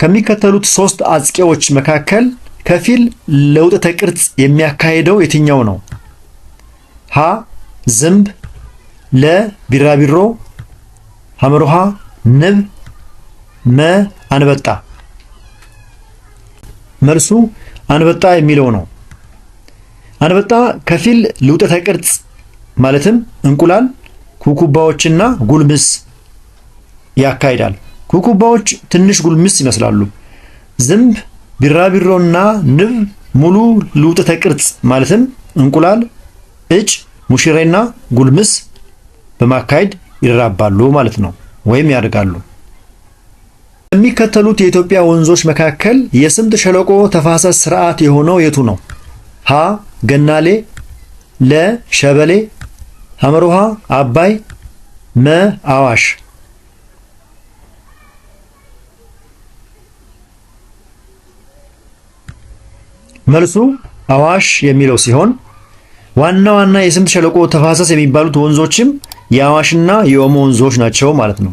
ከሚከተሉት ሶስት አጽቄዎች መካከል ከፊል ለውጠተ ቅርጽ የሚያካሄደው የትኛው ነው? ሀ ዝንብ፣ ለ ቢራቢሮ፣ ሐመሩሃ ንብ፣ መ አንበጣ። መልሱ አንበጣ የሚለው ነው። አንበጣ ከፊል ልውጠተ ቅርጽ ማለትም እንቁላል፣ ኩኩባዎችና ጉልምስ ያካሂዳል። ኩኩባዎች ትንሽ ጉልምስ ይመስላሉ። ዝንብ፣ ቢራቢሮና ንብ ሙሉ ልውጥተ ቅርጽ ማለትም እንቁላል፣ እጭ፣ ሙሽሬና ጉልምስ በማካሄድ ይራባሉ ማለት ነው ወይም ያድጋሉ። ከሚከተሉት የኢትዮጵያ ወንዞች መካከል የስምጥ ሸለቆ ተፋሰስ ስርዓት የሆነው የቱ ነው? ሀ ገናሌ፣ ለ ሸበሌ፣ ሐመር አባይ፣ መ አዋሽ መልሱ አዋሽ የሚለው ሲሆን ዋና ዋና የስምጥ ሸለቆ ተፋሰስ የሚባሉት ወንዞችም የአዋሽና የኦሞ ወንዞች ናቸው ማለት ነው።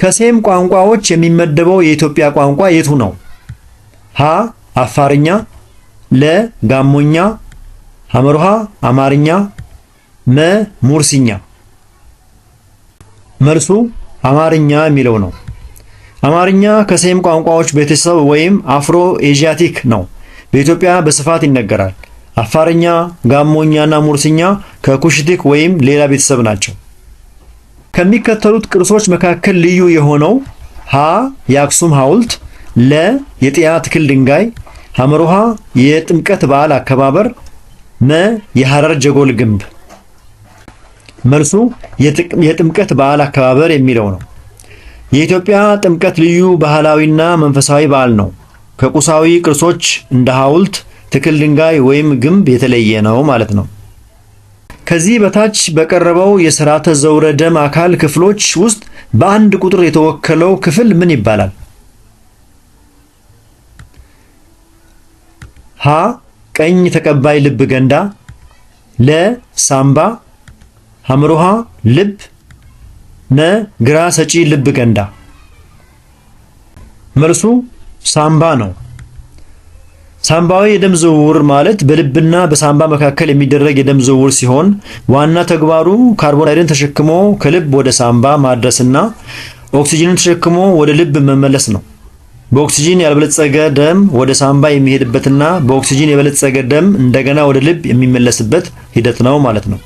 ከሴም ቋንቋዎች የሚመደበው የኢትዮጵያ ቋንቋ የቱ ነው? ሀ አፋርኛ፣ ለ ጋሞኛ፣ ሐመርሃ አማርኛ፣ መ ሙርሲኛ። መልሱ አማርኛ የሚለው ነው። አማርኛ ከሴም ቋንቋዎች ቤተሰብ ወይም አፍሮ ኤዥያቲክ ነው። በኢትዮጵያ በስፋት ይነገራል። አፋርኛ፣ ጋሞኛና ሙርስኛ ከኩሽቲክ ወይም ሌላ ቤተሰብ ናቸው። ከሚከተሉት ቅርሶች መካከል ልዩ የሆነው ሀ የአክሱም ሐውልት፣ ለ የጤና ትክል ድንጋይ፣ ሐመሮሃ የጥምቀት በዓል አከባበር፣ መ የሐረር ጀጎል ግንብ። መልሱ የጥምቀት በዓል አከባበር የሚለው ነው። የኢትዮጵያ ጥምቀት ልዩ ባህላዊና መንፈሳዊ በዓል ነው። ከቁሳዊ ቅርሶች እንደ ሐውልት፣ ትክል ድንጋይ ወይም ግንብ የተለየ ነው ማለት ነው። ከዚህ በታች በቀረበው የሥርዓተ ዘውረ ደም አካል ክፍሎች ውስጥ በአንድ ቁጥር የተወከለው ክፍል ምን ይባላል? ሀ ቀኝ ተቀባይ ልብ ገንዳ፣ ለ ሳምባ፣ ሐምሮሃ ልብ ነ ግራ ሰጪ ልብ ገንዳ። መልሱ ሳምባ ነው። ሳምባዊ የደም ዝውውር ማለት በልብና በሳምባ መካከል የሚደረግ የደም ዝውውር ሲሆን ዋና ተግባሩ ካርቦናይድን ተሸክሞ ከልብ ወደ ሳምባ ማድረስና ኦክሲጅንን ተሸክሞ ወደ ልብ መመለስ ነው። በኦክሲጅን ያልበለጸገ ደም ወደ ሳምባ የሚሄድበትና በኦክሲጅን የበለጸገ ደም እንደገና ወደ ልብ የሚመለስበት ሂደት ነው ማለት ነው።